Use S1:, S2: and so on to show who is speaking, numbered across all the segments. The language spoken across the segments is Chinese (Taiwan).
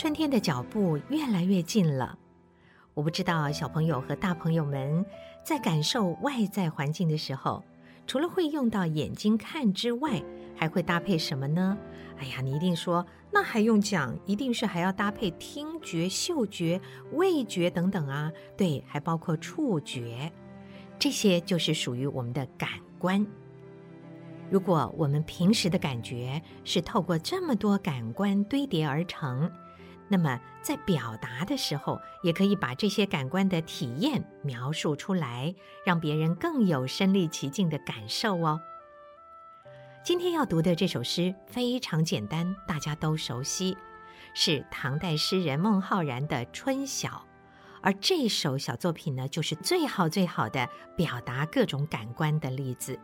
S1: 春天的腳步越來越近了，我不知道小朋友和大朋友們在感受外在環境的時候，除了會用到眼睛看之外，還會搭配什麼呢？哎呀，你一定說，那還用講？一定是還要搭配聽覺、嗅覺、味覺等等啊！對，還包括觸覺，這些就是屬於我們的感官。如果我們平時的感覺是透過這麼多感官堆疊而成。那麼，在表達的時候，也可以把這些感官的體驗描述出來，讓別人更有身臨其境的感受哦。今天要讀的這首詩非常簡單，大家都熟悉，是唐代詩人孟浩然的《春曉》。而這首小作品呢，就是最好最好的表達各種感官的例子。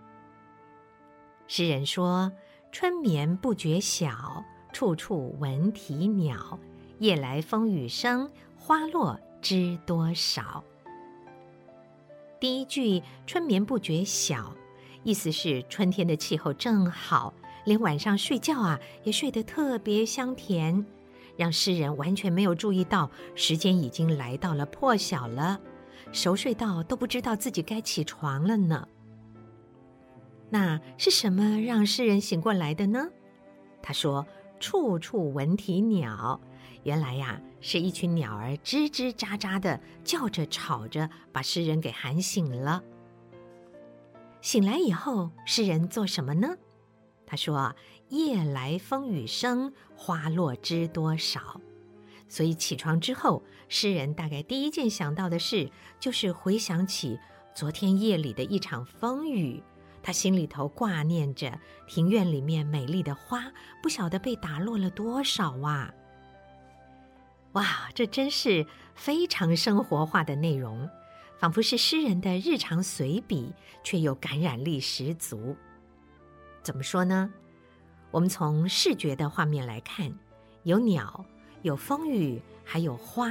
S1: 詩人說：“春眠不覺曉，處處聞啼鳥。”夜來風雨聲，花落知多少。第一句“春眠不覺曉”，意思是春天的氣候正好，連晚上睡覺啊也睡得特別香甜，讓詩人完全沒有注意到時間已經來到了破曉了，熟睡到都不知道自己該起床了呢。那是什麼讓詩人醒過來的呢？他說：“處處聞啼鳥。”原來呀，是一群鳥兒吱吱喳喳地叫着吵着，把詩人給喊醒了。醒來以後，詩人做什麼呢？他說：“夜來風雨聲，花落知多少。”所以起床之後，詩人大概第一件想到的事就是回想起昨天夜裡的一場風雨。他心裡頭掛念着庭院裡面美麗的花，不曉得被打落了多少哇。哇，這真是非常生活化的內容，仿佛是詩人的日常隨筆，卻又感染力十足。怎麼說呢？我們從視覺的畫面來看，有鳥，有風雨，還有花，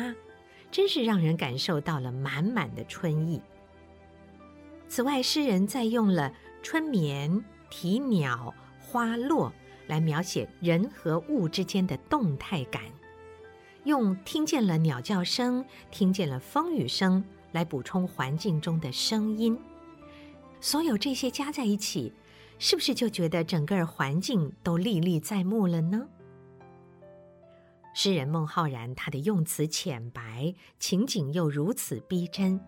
S1: 真是讓人感受到了滿滿的春意。此外，詩人再用了“春眠啼鳥花落”來描寫人和物之間的動態感。用聽見了鳥叫聲，聽見了風雨聲來補充環境中的聲音，所有這些加在一起，是不是就覺得整個環境都歷歷在目了呢？詩人孟浩然，他的用詞淺白，情景又如此逼真，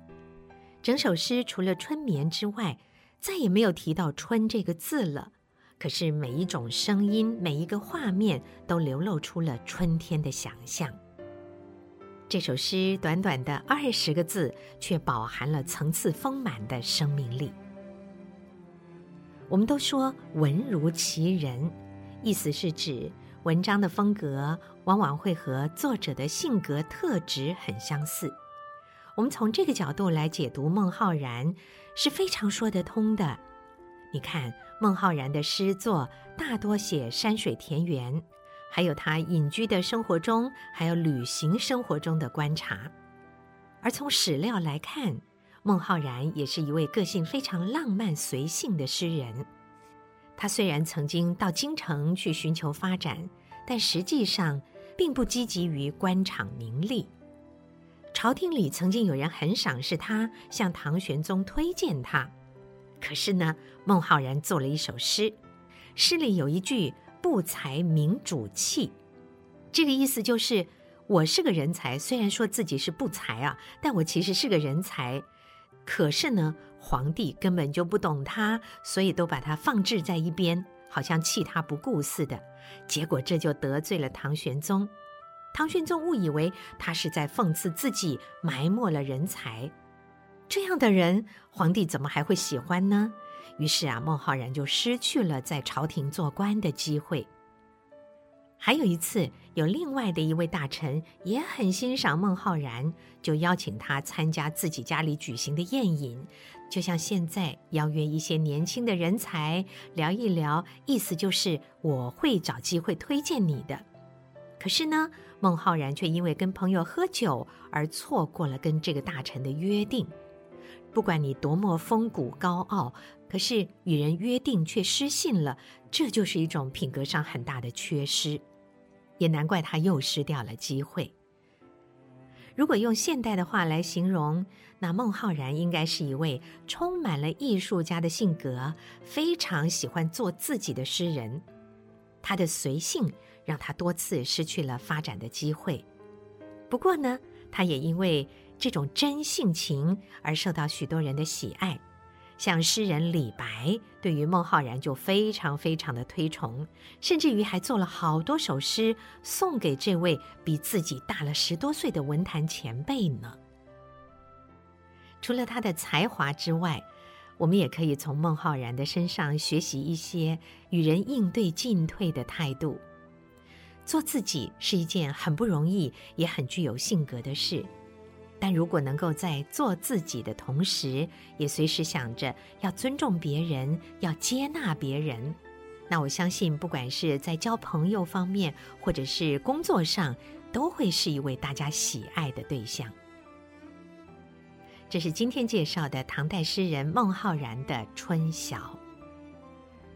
S1: 整首詩除了“春眠”之外，再也沒有提到“春”這個字了。可是每一種聲音，每一個畫面，都流露出了春天的想象。這首詩短短的二十個字，卻飽含了層次豐滿的生命力。我們都說“文如其人”，意思是指文章的風格往往會和作者的性格特質很相似。我們從這個角度來解讀孟浩然，是非常說得通的。你看，孟浩然的詩作大多寫山水田園。還有他隱居的生活中，還有旅行生活中的觀察。而從史料來看，孟浩然也是一位個性非常浪漫隨性的詩人。他雖然曾經到京城去尋求發展，但實際上並不積極於官場名利。朝廷裡曾經有人很賞識他，向唐玄宗推薦他。可是呢，孟浩然作了一首詩，詩裡有一句。不才明主棄，這個意思就是，我是個人才，雖然說自己是不才啊，但我其實是個人才。可是呢，皇帝根本就不懂他，所以都把他放置在一邊，好像棄他不顧似的。結果這就得罪了唐玄宗，唐玄宗誤以為他是在諷刺自己埋沒了人才，這樣的人，皇帝怎麼還會喜歡呢？於是啊，孟浩然就失去了在朝廷做官的機會。還有一次，有另外的一位大臣也很欣賞孟浩然，就邀請他參加自己家裡舉行的宴飲，就像現在邀約一些年輕的人才聊一聊，意思就是我會找機會推薦你的。可是呢，孟浩然卻因為跟朋友喝酒而錯過了跟這個大臣的約定。不管你多麼風骨高傲，可是與人約定卻失信了，這就是一種品格上很大的缺失，也難怪他又失掉了機會。如果用現代的話來形容，那孟浩然應該是一位充滿了藝術家的性格，非常喜歡做自己的詩人。他的隨性讓他多次失去了發展的機會，不過呢，他也因為這種真性情而受到許多人的喜愛，像詩人李白對於孟浩然就非常非常的推崇，甚至於還做了好多首詩送給這位比自己大了十多歲的文壇前輩呢。除了他的才華之外，我們也可以從孟浩然的身上學習一些與人應對進退的態度。做自己是一件很不容易也很具有性格的事。但如果能夠在做自己的同時，也隨時想着要尊重別人、要接納別人，那我相信，不管是在交朋友方面，或者是工作上，都會是一位大家喜愛的對象。這是今天介紹的唐代詩人孟浩然的《春曉》：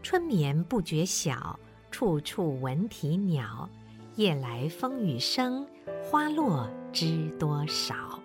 S1: 春眠不覺曉，處處聞啼鳥，夜來風雨聲，花落知多少。